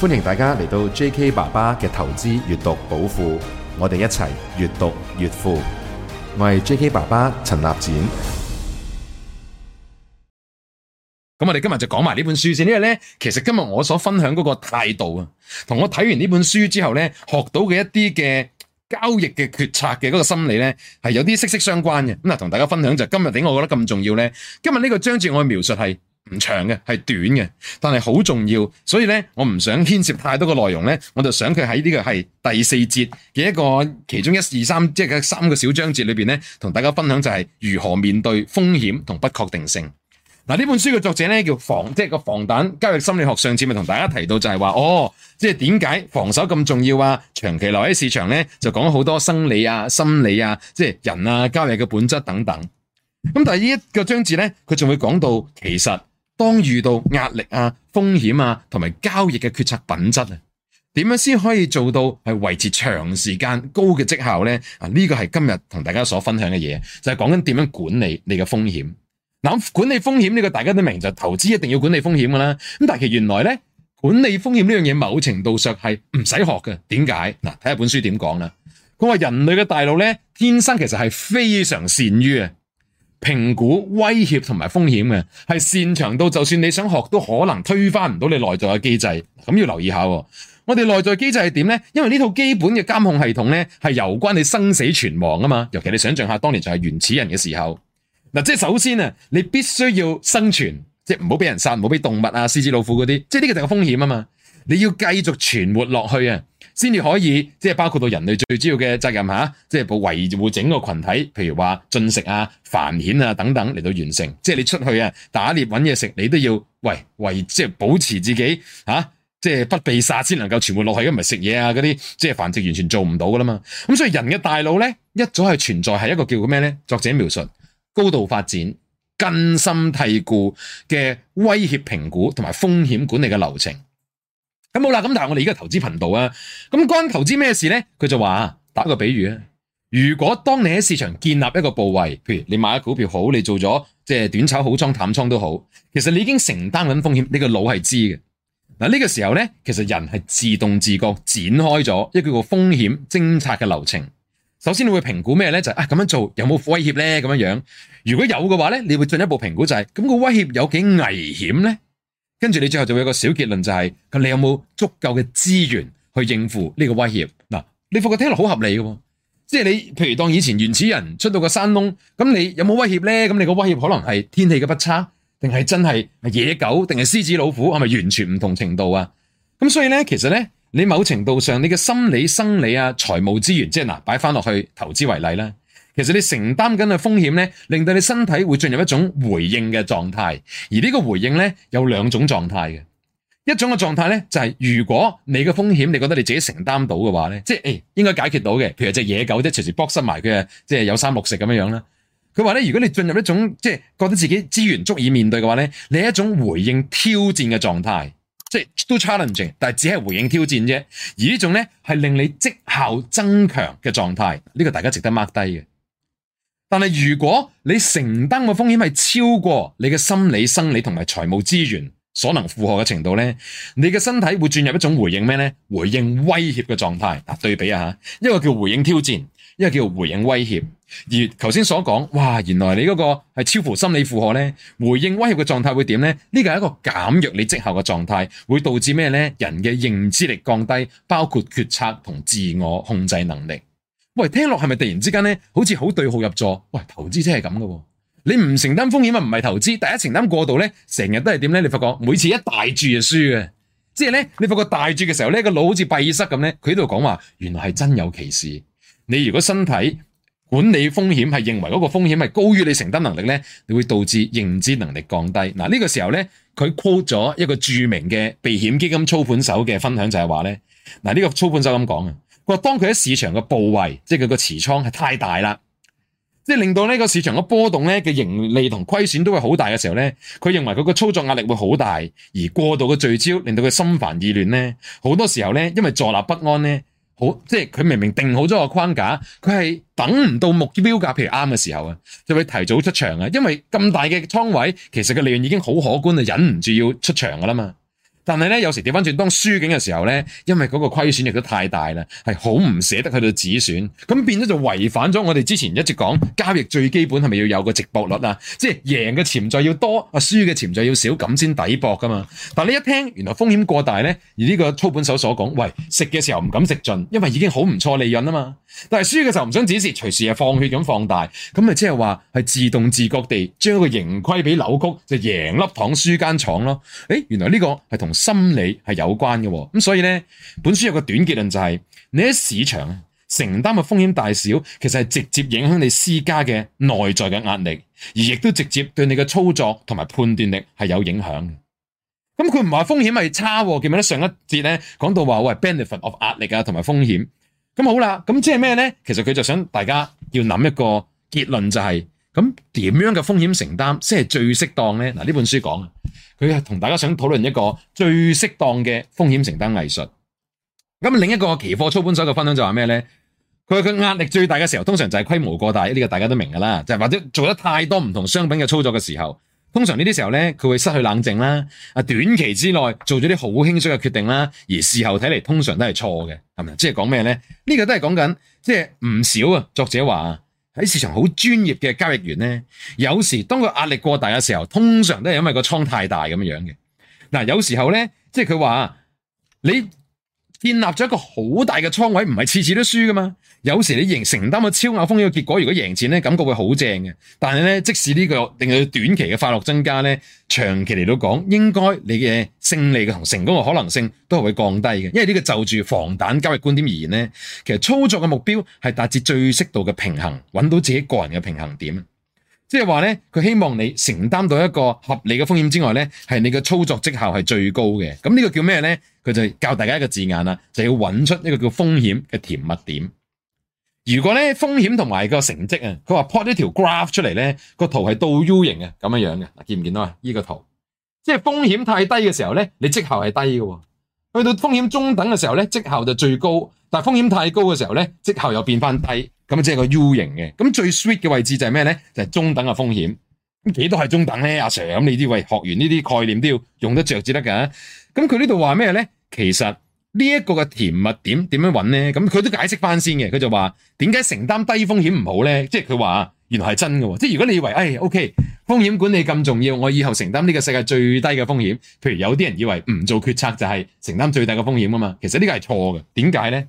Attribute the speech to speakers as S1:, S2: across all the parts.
S1: 歡迎大家嚟到 J.K. 爸爸嘅投資閱讀寶庫，我哋一齊越讀越富。我係 J.K. 爸爸陳立展。咁我哋今日就講埋呢本書先，因為呢，其實今日我所分享嗰個態度啊，同我睇完呢本書之後呢，學到嘅一啲嘅交易嘅決策嘅嗰個心理呢，係有啲息息相關嘅。咁啊，同大家分享就今日點解我覺得咁重要呢。今日呢個章節我嘅描述係。唔長嘅係短嘅，但係好重要，所以呢，我唔想牽涉太多嘅內容呢，我就想佢喺呢個係第四節嘅一個其中一二三，即係三個小章節裏邊呢，同大家分享就係如何面對風險同不確定性。嗱、啊、呢本書嘅作者呢，叫防，即係個防彈交易心理學。上次咪同大家提到就係話，哦，即係點解防守咁重要啊？長期留喺市場呢，就講好多生理啊、心理啊、即係人啊交易嘅本質等等。咁但係呢一個章節呢，佢仲會講到其實。當遇到壓力啊、風險啊，同埋交易嘅決策品質啊，點樣先可以做到係維持長時間高嘅績效呢？啊，呢個係今日同大家所分享嘅嘢，就係講緊點樣管理你嘅風險。嗱、啊，管理風險呢個大家都明，就係、投資一定要管理風險噶啦。咁但係其實原來呢，管理風險呢樣嘢某程度上係唔使學嘅。點解？嗱、啊，睇下本書點講啦。佢話人類嘅大腦呢，天生其實係非常善於啊。評估威脅同埋風險嘅，係擅長到就算你想學都可能推翻唔到你內在嘅機制，咁要留意下。我哋內在機制係點呢？因為呢套基本嘅監控系統呢，係有關你生死存亡啊嘛。尤其你想象下當年就係原始人嘅時候，嗱，即係首先啊，你必須要生存，即係唔好俾人殺，唔好俾動物啊、獅子、老虎嗰啲，即係呢個就係個風險啊嘛。你要繼續存活落去啊！先至可以，即係包括到人類最主要嘅責任嚇，即係保維護整個群體，譬如話進食啊、繁衍啊等等嚟到完成。即係你出去啊，打獵揾嘢食，你都要喂維，即係保持自己嚇、啊，即係不被殺先能夠存活落去，如果唔係食嘢啊嗰啲，即係繁殖完全做唔到噶啦嘛。咁所以人嘅大腦咧，一早係存在係一個叫咩咧？作者描述高度發展根深蒂固嘅威脅評估同埋風險管理嘅流程。咁好啦，咁但係我哋而家投資頻道啊，咁關投資咩事呢？佢就話打個比喻啊，如果當你喺市場建立一個部位，譬如你買咗股票好，你做咗即係短炒好倉、淡倉都好，其實你已經承擔緊風險，你個腦係知嘅。嗱、這、呢個時候呢，其實人係自動自覺展開咗一個叫做風險偵察嘅流程。首先你會評估咩呢？就係、啊咁樣做有冇威脅呢？咁樣樣，如果有嘅話呢，你會進一步評估就係、是、咁、咁個威脅有幾危險呢？跟住你最後就會有個小結論就係、是，咁你有冇足夠嘅資源去應付呢個威脅？嗱，你發覺嘅聽落好合理嘅、哦，即係你，譬如當以前原始人出到個山窿，咁你有冇威脅咧？咁你個威脅可能係天氣嘅不差，定係真係野狗，定係獅子老虎，係咪完全唔同程度啊？咁所以咧，其實咧，你某程度上你嘅心理、生理啊、財務資源，即係嗱，擺翻落去投資為例咧。其實你承擔緊嘅風險咧，令到你身體會進入一種回應嘅狀態，而呢個回應咧有兩種狀態嘅。一種嘅狀態咧就係如果你嘅風險，你覺得你自己承擔到嘅話咧，即係誒應該解決到嘅，譬如隻野狗啲隨時撲殺埋佢，即係有三六食咁樣樣啦。佢話咧，如果你進入一種即係覺得自己資源足以面對嘅話咧，你係一種回應挑戰嘅狀態，即係都 challenging，但係只係回應挑戰啫。而呢種咧係令你績效增強嘅狀態，呢個大家值得 mark 低嘅。但係如果你承擔嘅風險係超過你嘅心理、生理同埋財務資源所能負荷嘅程度咧，你嘅身體會轉入一種回應咩咧？回應威脅嘅狀態。嗱、啊，對比一下，一個叫回應挑戰，一個叫回應威脅。而頭先所講，哇，原來你嗰個係超乎心理負荷咧，回應威脅嘅狀態會點咧？呢個係一個減弱你績效嘅狀態，會導致咩咧？人嘅認知力降低，包括決策同自我控制能力。喂，聽落係咪突然之間咧，好似好對號入座？喂，投資者係咁噶，你唔承擔風險啊，唔係投資。第一承擔過度咧，成日都係點咧？你發覺每次一大注就輸嘅，即係咧，你發覺大注嘅時候咧，個腦好似閉塞咁咧，佢喺度講話，原來係真有其事。你如果身體管理風險係認為嗰個風險係高於你承擔能力咧，你會導致認知能力降低。嗱、呃，呢個時候咧，佢 quote 咗一個著名嘅避險基金操盤手嘅分享就係話咧，嗱、呃、呢個操盤手咁講啊。不過當佢喺市場嘅部位，即係佢個持倉係太大啦，即係令到呢個市場嘅波動呢嘅盈利同虧損都會好大嘅時候呢，佢認為佢個操作壓力會好大，而過度嘅聚焦令到佢心煩意亂呢好多時候呢，因為坐立不安呢好即係佢明明定好咗個框架，佢係等唔到目標價，譬如啱嘅時候啊，就會提早出場啊，因為咁大嘅倉位，其實個利潤已經好可觀啊，忍唔住要出場噶啦嘛。但係咧，有時掉翻轉當輸景嘅時候咧，因為嗰個虧損亦都太大啦，係好唔捨得去到止損，咁變咗就違反咗我哋之前一直講交易最基本係咪要有個值博率啊？即係贏嘅潛在要多，啊輸嘅潛在要少，咁先抵博噶嘛。但係你一聽原來風險過大咧，而呢個操盤手所講，喂，食嘅時候唔敢食盡，因為已經好唔錯利潤啊嘛。但係輸嘅時候唔想止蝕隨時係放血咁放大，咁咪即係話係自動自覺地將一個盈虧俾扭曲，就贏粒糖輸間廠咯。誒，原來呢個係同心理係有關嘅。咁所以咧，本書有個短結論就係、是、你喺市場承擔嘅風險大小，其實係直接影響你私家嘅內在嘅壓力，而亦都直接對你嘅操作同埋判斷力係有影響。咁佢唔話風險係差，記唔記得上一節咧講到話喂 benefit of 壓力啊同埋風險，咁、嗯、好啦，咁即係咩咧？其實佢就想大家要諗一個結論就係、是。咁點樣嘅風險承擔先係最適當咧？嗱，呢本書講佢係同大家想討論一個最適當嘅風險承擔藝術。咁另一個期貨操盤手嘅分享就話咩咧？佢話，佢壓力最大嘅時候，通常就係規模過大呢個大家都明噶啦，就係或者做得太多唔同商品嘅操作嘅時候，通常呢啲時候咧，佢會失去冷靜啦，啊短期之內做咗啲好輕率嘅決定啦，而事後睇嚟通常都係錯嘅，係咪？即係講咩咧？呢個都係講緊，即係唔少啊。作者話。喺市場好專業嘅交易員呢，有時當佢壓力過大嘅時候，通常都係因為個倉太大咁樣嘅。嗱，啊，有時候呢，即係佢話你。建立咗一個好大嘅倉位，唔係次次都輸噶嘛。有時你仍承擔咗超額風險嘅結果，如果贏錢咧，感覺會好正嘅。但係咧，即使呢個令佢短期嘅快樂增加咧，長期嚟到講，應該你嘅勝利嘅同成功嘅可能性都係會降低嘅。因為呢個就住防彈交易觀點而言咧，其實操作嘅目標係達至最適度嘅平衡，揾到自己個人嘅平衡點。即係話咧，佢希望你承擔到一個合理嘅風險之外咧，係你嘅操作績效係最高嘅。咁呢個叫咩咧？佢就教大家一個字眼啦，就要揾出呢個叫風險嘅甜蜜點。如果咧風險同埋個成績啊，佢話 plot 呢條 graph 出嚟咧，個圖係倒 U 型嘅咁樣樣嘅。嗱，見唔見到啊？呢個圖，即係風險太低嘅時候咧，你績效係低嘅，去到風險中等嘅時候咧，績效就最高，但係風險太高嘅時候咧，績效又變翻低。咁即係個 U 型嘅，咁最 sweet 嘅位置就係咩咧？就係中等嘅風險，咁幾多係中等咧？阿 Sir，咁你啲位學員呢啲概念都要用得着至得噶。咁佢呢度話咩咧？其實呢一個嘅甜蜜點點樣搵咧？咁佢都解釋翻先嘅，佢就話點解承擔低風險唔好咧？即係佢話原來係真嘅，即係如果你以為誒，OK，風險管理咁重要，我以後承擔呢個世界最低嘅風險，譬如有啲人以為唔做決策就係承擔最大嘅風險啊嘛，其實呢個係錯嘅，點解咧？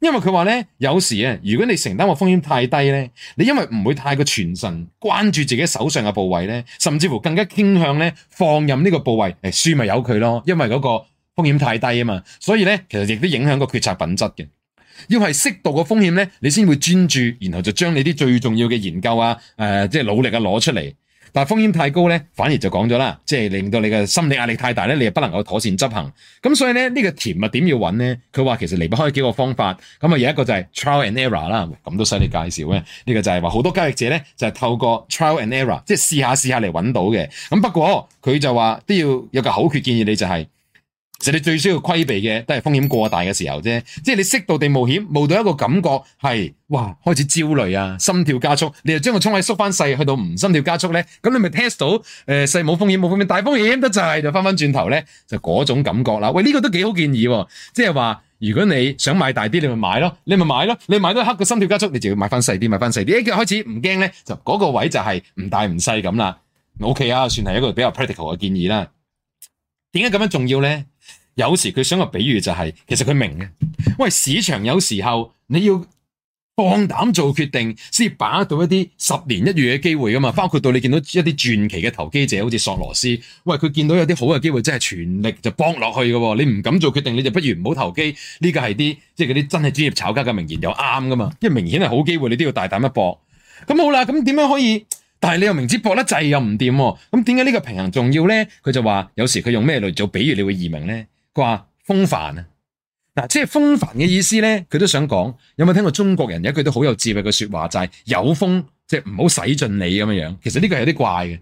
S1: 因為佢話呢，有時如果你承擔個風險太低呢，你因為唔會太過全神關注自己手上嘅部位呢，甚至乎更加傾向呢放任呢個部位誒、哎、輸咪由佢咯，因為嗰個風險太低啊嘛，所以呢，其實亦都影響個決策品質嘅。要係適度個風險呢，你先會專注，然後就將你啲最重要嘅研究啊，誒、呃，即、就、係、是、努力啊攞出嚟。但係風險太高咧，反而就講咗啦，即係令到你嘅心理壓力太大咧，你又不能夠妥善執行。咁所以咧呢、這個甜蜜點要搵咧？佢話其實離不開幾個方法。咁啊有一個就係 trial and error 啦，咁都使你介紹咩？呢個就係話好多交易者咧就係、是、透過 trial and error，即係試下試下嚟搵到嘅。咁不過佢就話都要有個口訣建議你就係、是。其實你最需要規避嘅，都係風險過大嘅時候啫。即係你適度地冒險，冒到一個感覺係，哇，開始焦慮啊，心跳加速，你就將個倉位縮翻細，去到唔心跳加速咧，咁你咪 test 到，誒、呃，細冇風險，冇風險，大風險得就係、是，就翻翻轉頭咧，就嗰種感覺啦。喂，呢、這個都幾好建議、啊，即係話，如果你想買大啲，你咪買咯，你咪買咯，你買到黑個心跳加速，你就要買翻細啲，買翻細啲，誒，一開始唔驚咧，就嗰個位就係唔大唔細咁啦，ok 啊，算係一個比較 practical 嘅建議啦。點解咁樣重要咧？有時佢想個比喻就係、是，其實佢明嘅。喂，市場有時候你要放膽做決定，先把握到一啲十年一遇嘅機會噶嘛。包括到你見到一啲傳奇嘅投機者，好似索羅斯，喂，佢見到有啲好嘅機會，真係全力就搏落去嘅。你唔敢做決定，你就不如唔好投機。呢個係啲即係嗰啲真係專業炒家嘅名言，又啱噶嘛。因為明顯係好機會，你都要大膽一搏。咁好啦，咁點樣可以？但係你又明知搏得滯又唔掂、啊，咁點解呢個平衡重要咧？佢就話有時佢用咩嚟做比喻，你會易明咧？掛風帆啊！嗱，即係風帆嘅意思咧，佢都想講，有冇聽過中國人有一句都好有智慧嘅說話就係、是、有風即係唔好使盡你咁樣樣。其實呢句係有啲怪嘅，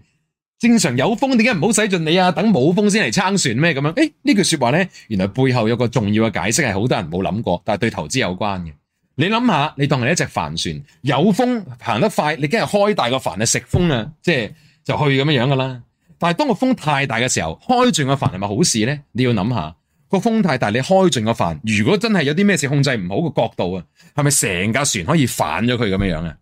S1: 正常有風點解唔好使盡你啊？等冇風先嚟撐船咩咁樣？誒、欸，呢句說話咧，原來背後有個重要嘅解釋係好多人冇諗過，但係對投資有關嘅。你諗下，你當係一隻帆船，有風行得快，你梗係開大個帆去食風啊，即係就去咁樣樣噶啦。但係當個風太大嘅時候，開住個帆係咪好事咧？你要諗下。個風太大，你開盡個帆，如果真係有啲咩事控制唔好個角度啊，係咪成架船可以反咗佢咁樣樣啊？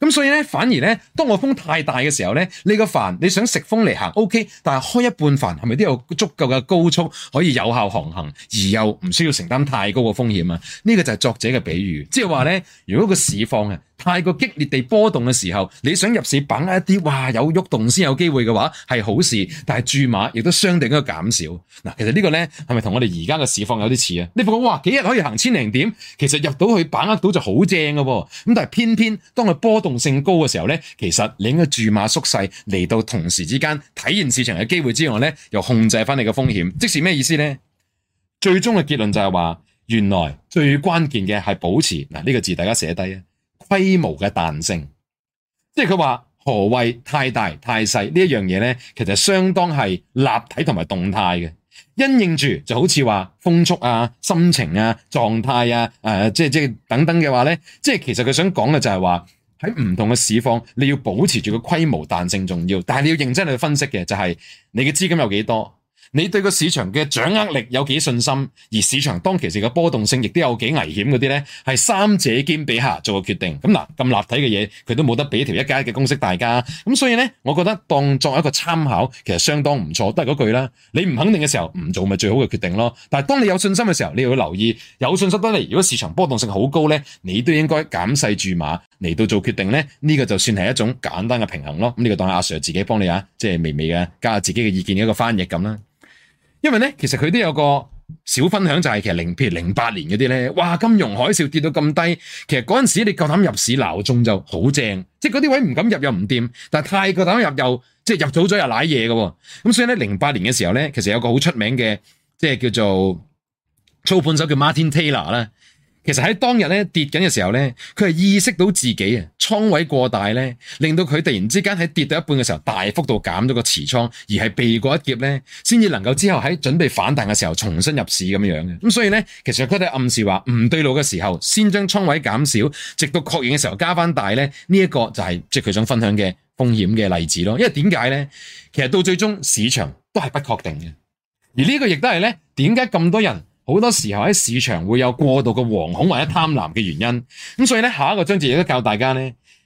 S1: 咁所以咧，反而咧，當個風太大嘅時候咧，你個帆你想食風嚟行，OK，但係開一半帆，係咪都有足夠嘅高速可以有效航行，而又唔需要承擔太高嘅風險啊？呢個就係作者嘅比喻，即係話咧，如果個市況啊。太過激烈地波動嘅時候，你想入市把握一啲，哇有喐動先有機會嘅話係好事，但係注碼亦都相對應該減少。嗱，其實呢個咧係咪同我哋而家嘅市況有啲似啊？你覺得哇幾日可以行千零點，其實入到去把握到就好正嘅，咁但係偏偏當佢波動性高嘅時候咧，其實你應該注碼縮細，嚟到同時之間體現市場嘅機會之外咧，又控制翻你嘅風險。即是咩意思咧？最終嘅結論就係話，原來最關鍵嘅係保持。嗱，呢個字，大家寫低啊！規模嘅彈性，即係佢話何謂太大太細呢一樣嘢咧，其實相當係立體同埋動態嘅。因應住就好似話風速啊、心情啊、狀態啊、誒、呃，即係即係等等嘅話咧，即係其實佢想講嘅就係話喺唔同嘅市況，你要保持住個規模彈性重要，但係你要認真去分析嘅就係、是、你嘅資金有幾多。你對個市場嘅掌握力有幾信心，而市場當其時嘅波動性亦都有幾危險嗰啲呢，係三者兼比下做個決定。咁嗱，咁立體嘅嘢，佢都冇得俾條一加一嘅公式大家。咁所以呢，我覺得當作一個參考，其實相當唔錯。都係嗰句啦，你唔肯定嘅時候唔做咪最好嘅決定咯。但係當你有信心嘅時候，你要留意有信心得嚟。如果市場波動性好高呢，你都應該減細注碼嚟到做決定呢。呢個就算係一種簡單嘅平衡咯。咁呢個當係阿 Sir 自己幫你啊，即係微微嘅加下自己嘅意見一個翻譯咁啦。因為咧，其實佢都有個小分享，就係、是、其實零，譬如零八年嗰啲咧，哇，金融海嘯跌到咁低，其實嗰陣時你夠膽入市鬧鐘就好正，即係嗰啲位唔敢入又唔掂，但係太夠膽入又即係入早咗又瀨嘢㗎，咁所以咧零八年嘅時候咧，其實有個好出名嘅即係叫做操盤手叫 Martin Taylor 咧。其實喺當日咧跌緊嘅時候咧，佢係意識到自己啊倉位過大咧，令到佢突然之間喺跌到一半嘅時候，大幅度減咗個持倉，而係避過一劫咧，先至能夠之後喺準備反彈嘅時候重新入市咁樣嘅。咁所以咧，其實佢都暗示話唔對路嘅時候，先將倉位減少，直到確認嘅時候加翻大咧。呢、呢、一個就係即係佢想分享嘅風險嘅例子咯。因為點解呢？其實到最終市場都係不確定嘅，而這個也是呢個亦都係咧，點解咁多人？好多時候喺市場會有過度嘅惶恐或者貪婪嘅原因，咁所以咧，下一個章節亦都教大家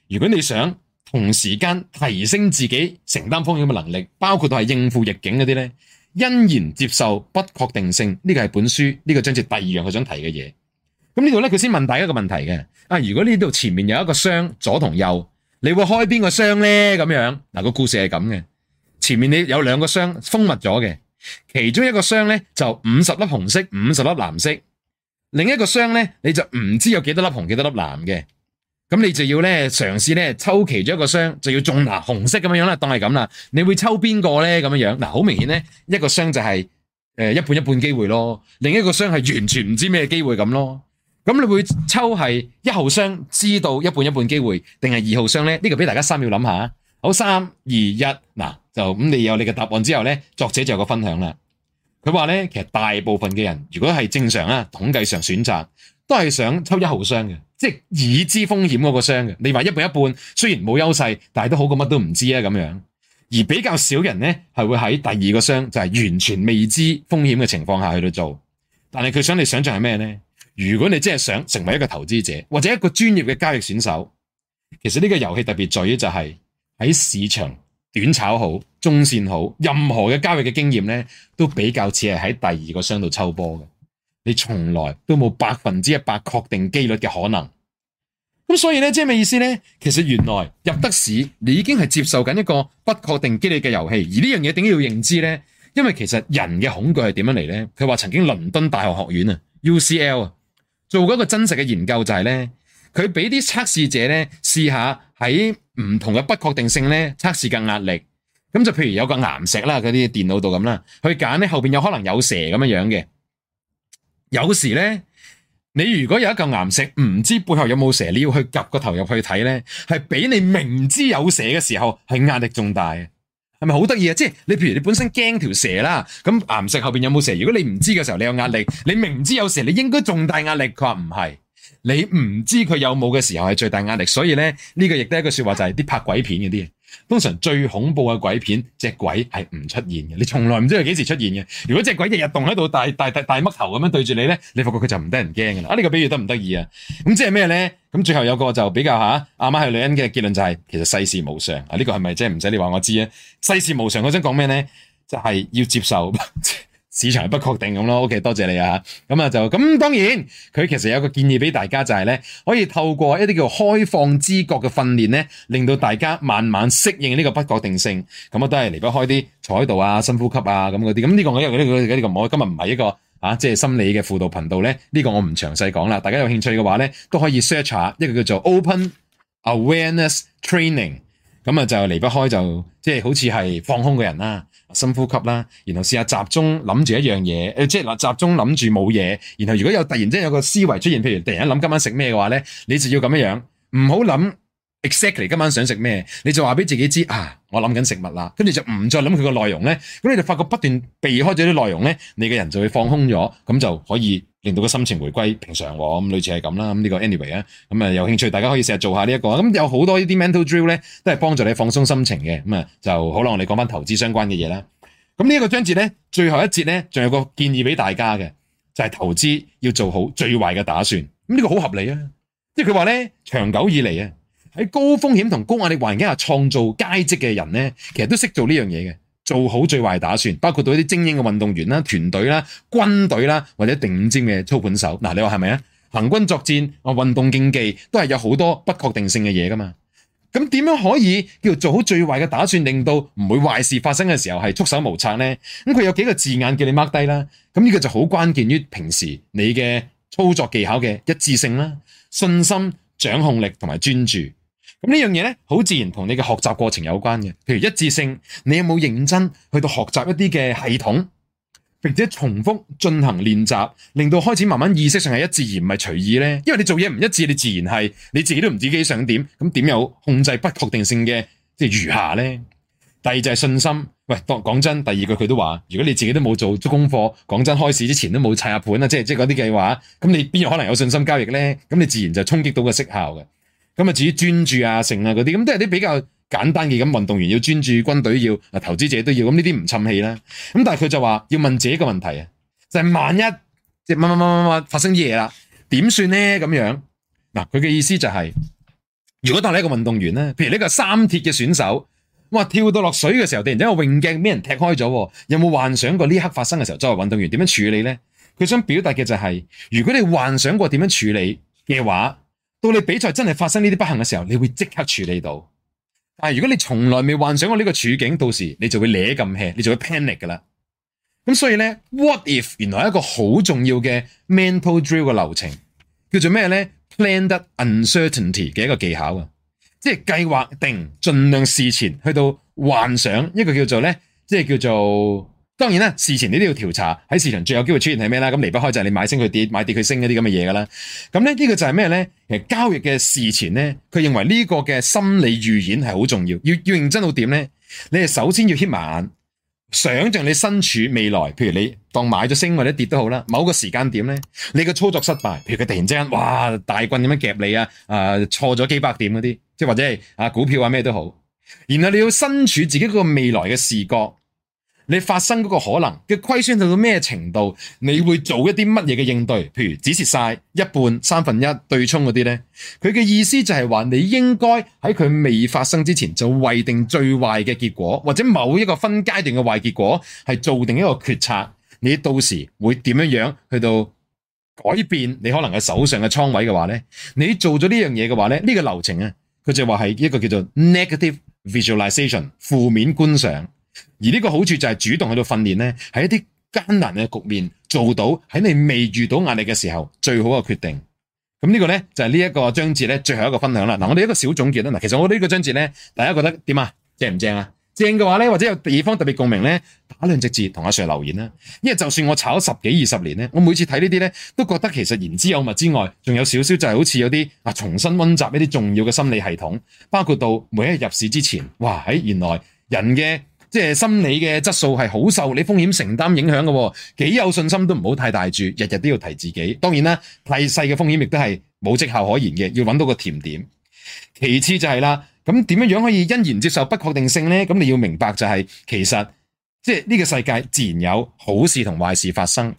S1: 如果你想同時間提升自己承擔風險嘅能力，包括到係應付逆境嗰啲咧，欣然接受不確定性，呢個係本書呢、呢個章節第二樣佢想提嘅嘢。咁呢度呢，佢先問大家一個問題嘅，啊如果呢度前面有一個箱左同右，你會開邊個箱呢？咁樣嗱、個故事係咁嘅，前面你有兩個箱封密咗嘅。其中一個箱咧就五十粒紅色，五十粒藍色；另一個箱咧你就唔知有幾多粒紅，幾多粒藍嘅。咁你就要咧嘗試咧抽其中一個箱，就要中嗱紅色咁樣樣啦，當係咁啦。你會抽邊個咧？咁樣樣嗱，好明顯咧，一個箱就係、是、誒、呃、一半一半機會咯，另一個箱係完全唔知咩機會咁咯。咁你會抽係一號箱知道一半一半機會，定係二號箱咧？呢、這個俾大家三秒諗下、啊。好，三二一嗱。咁，你有你嘅答案之後呢，作者就有個分享啦。佢話呢，其實大部分嘅人如果係正常啊，統計上選擇都係想抽一號箱嘅，即係已知風險嗰個箱嘅。你話一半一半，雖然冇優勢，但係都好過乜都唔知啊咁樣。而比較少人呢，係會喺第二個箱，就係完全未知風險嘅情況下去到做。但係佢想你想象係咩呢？如果你真係想成為一個投資者或者一個專業嘅交易選手，其實呢個遊戲特別在於就係喺市場。短炒好，中線好，任何嘅交易嘅經驗咧，都比較似係喺第二個箱度抽波嘅。你從來都冇百分之一百確定機率嘅可能。咁所以咧，即係咩意思咧？其實原來入得市，你已經係接受緊一個不確定機率嘅遊戲。而呢樣嘢點解要認知咧？因為其實人嘅恐懼係點樣嚟咧？佢話曾經倫敦大學學院啊，UCL 啊，做過一個真實嘅研究就係咧。佢俾啲測試者咧，試下喺唔同嘅不確定性咧測試嘅壓力，咁就譬如有個岩石啦，嗰啲電腦度咁啦，去揀咧，後邊有可能有蛇咁樣樣嘅。有時咧，你如果有一嚿岩石唔知背後有冇蛇，你要去夾個頭入去睇咧，係比你明知有蛇嘅時候係壓力仲大，係咪好得意啊？即係你譬如你本身驚條蛇啦，咁岩石後邊有冇蛇？如果你唔知嘅時候你有壓力，你明知有蛇，你應該仲大壓力。佢話唔係。你唔知佢有冇嘅時候係最大壓力，所以咧呢個亦都係一個說話就係啲拍鬼片嗰啲嘢，通常最恐怖嘅鬼片隻鬼係唔出現嘅，你從來唔知佢幾時出現嘅。如果隻鬼日日動喺度，大大大大乜頭咁樣對住你咧，你發覺佢就唔得人驚噶啦。啊呢個比喻得唔得意啊？咁即係咩咧？咁最後有個就比較吓阿媽係女人嘅結論就係，其實世事無常啊，呢個係咪即係唔使你話我知啊？世事無常嗰陣講咩咧？就係要接受。 市場不確定咁咯，OK，多謝你啊吓，咁啊就咁，當然佢其實有個建議俾大家就係咧，可以透過一啲叫開放知覺嘅訓練咧，令到大家慢慢適應呢個不確定性，咁啊都係離不開啲坐喺度啊、深呼吸啊咁嗰啲，咁、啊就是、呢、這個我因為呢個我今日唔係一個啊即係心理嘅輔導頻道咧，呢個我唔詳細講啦，大家有興趣嘅話咧都可以 search 下一個叫做 Open Awareness Training。咁啊，那就離不開就即係、就是、好似係放空個人啦，深呼吸啦，然後試下集中諗住一樣嘢，誒，即係集中諗住冇嘢，然後如果有突然間有個思維出現，譬如突然間諗今晚食咩嘅話呢，你就要咁樣樣，唔好諗 exactly 今晚想食咩，你就話俾自己知啊，我諗緊食物啦，跟住就唔再諗佢個內容呢。咁你就發覺不斷避開咗啲內容呢，你嘅人就會放空咗，咁就可以。令到個心情回歸平常，啊，咁類似係咁啦。咁呢個 anyway 啊，咁，這個、啊、嗯、有興趣大家可以成日做下呢，這一個。咁，嗯、有好多呢啲 mental drill 咧，都係幫助你放鬆心情嘅。咁，嗯、啊，就好啦。我哋講翻投資相關嘅嘢啦。咁，嗯、呢，這個章節咧，最後一節咧，仲有個建議俾大家嘅，就係、是、投資要做好最壞嘅打算。咁，嗯、呢，這個好合理啊。即係佢話咧，長久以嚟啊，喺高風險同高壓力環境下創造佳績嘅人咧，其實都識做呢樣嘢嘅。做好最壞打算，包括對一啲精英嘅運動員啦、團隊啦、軍隊啦，或者頂尖嘅操盤手。嗱，你話係咪啊？行軍作戰啊，運動競技都係有好多不確定性嘅嘢噶嘛。咁點樣可以叫做好最壞嘅打算，令到唔會壞事發生嘅時候係束手無策呢？咁佢有幾個字眼叫你 mark 低啦。咁呢個就好關鍵於平時你嘅操作技巧嘅一致性啦、信心、掌控力同埋專注。咁呢樣嘢咧，好自然同你嘅學習過程有關嘅。譬如一致性，你有冇認真去到學習一啲嘅系統，並且重複進行練習，令到開始慢慢意識上係一致而唔係隨意咧。因為你做嘢唔一致，你自然係你自己都唔知自己想點，咁點有控制不確定性嘅即係餘下咧？第二就係信心。喂，當講真，第二句佢都話，如果你自己都冇做足功課，講真，開市之前都冇砌下、啊、盤啦、啊，即係即係嗰啲計劃，咁你邊有可能有信心交易咧？咁你自然就衝擊到個績效嘅。咁啊，至於專注啊、成啊嗰啲，咁都係啲比較簡單嘅。咁運動員要專注，軍隊要啊，投資者都要。咁呢啲唔侵氣啦。咁但係佢就話要問自己個問題啊，就係、是、萬一即係萬萬萬萬萬發生啲嘢啦，點算咧？咁樣嗱，佢嘅意思就係、是，如果當你一個運動員呢，譬如你一個三鐵嘅選手，哇，跳到落水嘅時候，突然之間個泳鏡俾人踢開咗，有冇幻想過呢刻發生嘅時候作為運動員點樣處理呢？佢想表達嘅就係、是，如果你幻想過點樣處理嘅話。到你比賽真係發生呢啲不幸嘅時候，你會即刻處理到。但係如果你從來未幻想過呢個處境，到時你就會攣咁氣，你就會 panic 噶啦。咁所以咧，what if 原來係一個好重要嘅 mental drill 嘅流程，叫做咩咧？planned uncertainty 嘅一個技巧啊，即係計劃定，儘量事前去到幻想一個叫做咧，即係叫做。當然啦，事前你都要調查喺市場最有機會出現係咩啦？咁離不開就係你買升佢跌，買跌佢升嗰啲咁嘅嘢噶啦。咁咧呢個就係咩咧？其實交易嘅事前咧，佢認為呢個嘅心理預演係好重要，要要認真到點咧？你係首先要掀埋眼，想象你身處未來，譬如你當買咗升或者跌都好啦，某個時間點咧，你個操作失敗，譬如佢突然之間哇大棍點樣夾你啊？誒、呃，錯咗幾百點嗰啲，即係或者係啊股票啊咩都好，然後你要身處自己個未來嘅視覺。你發生嗰個可能嘅虧損到到咩程度，你會做一啲乜嘢嘅應對？譬如止蝕晒一半、三分一對沖嗰啲咧，佢嘅意思就係話你應該喺佢未發生之前就為定最壞嘅結果，或者某一個分階段嘅壞結果係做定一個決策，你到時會點樣樣去到改變你可能嘅手上嘅倉位嘅話咧，你做咗呢樣嘢嘅話咧，呢、呢個流程啊，佢就話係一個叫做 negative visualization 負面觀想。而呢個好處就係主動去到訓練呢，喺一啲艱難嘅局面做到喺你未遇到壓力嘅時候最好嘅決定。咁呢個呢，就係呢一個章節呢最後一個分享啦。嗱，我哋一個小總結啦。嗱，其實我呢個章節呢，大家覺得點啊？正唔正啊？正嘅話呢，或者有地方特別共鳴呢，打兩隻字同阿 Sir 留言啦。因為就算我炒十幾二十年呢，我每次睇呢啲呢，都覺得其實言之有物之外，仲有少少就係好似有啲啊，重新溫習一啲重要嘅心理系統，包括到每一日入市之前，哇，喺原來人嘅。即係心理嘅質素係好受你風險承擔影響嘅。哦，幾有信心都唔好太大住，日日都要提自己。當然啦，太細嘅風險亦都係冇績效可言嘅，要揾到個甜點。其次就係、是、啦，咁點樣樣可以欣然接受不確定性咧？咁你要明白就係、是，其實即係呢個世界自然有好事同壞事發生。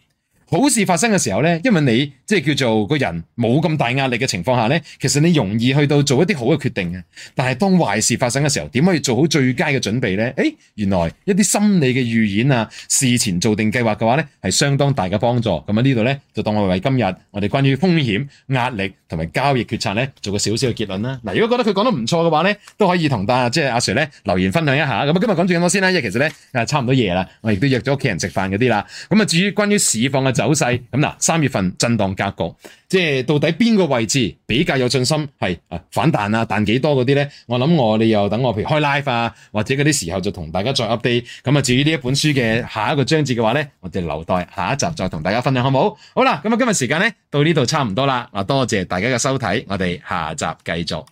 S1: 好事發生嘅時候咧，因為你即係叫做個人冇咁大壓力嘅情況下咧，其實你容易去到做一啲好嘅決定嘅。但係當壞事發生嘅時候，點可以做好最佳嘅準備咧？誒、欸，原來一啲心理嘅預演啊，事前做定計劃嘅話咧，係相當大嘅幫助。咁啊呢度咧，就當我為今日我哋關於風險、壓力同埋交易決策咧，做個少少嘅結論啦。嗱，如果覺得佢講得唔錯嘅話咧，都可以同大即係阿 Sir 咧留言分享一下。咁啊，今日講住咁多先啦，因為其實咧誒差唔多夜啦，我亦都約咗屋企人食飯嗰啲啦。咁啊，至於關於市況嘅。走勢咁嗱，三月份震蕩格局，即係到底邊個位置比較有信心係啊反彈啊，彈幾多嗰啲咧？我諗我你又等我，譬如開 live 啊，或者嗰啲時候就同大家再 update。咁啊，至於呢一本書嘅下一個章節嘅話咧，我哋留待下一集再同大家分享，好唔好？好啦，咁啊，今日時間咧到呢度差唔多啦。啊，多謝大家嘅收睇，我哋下集繼續。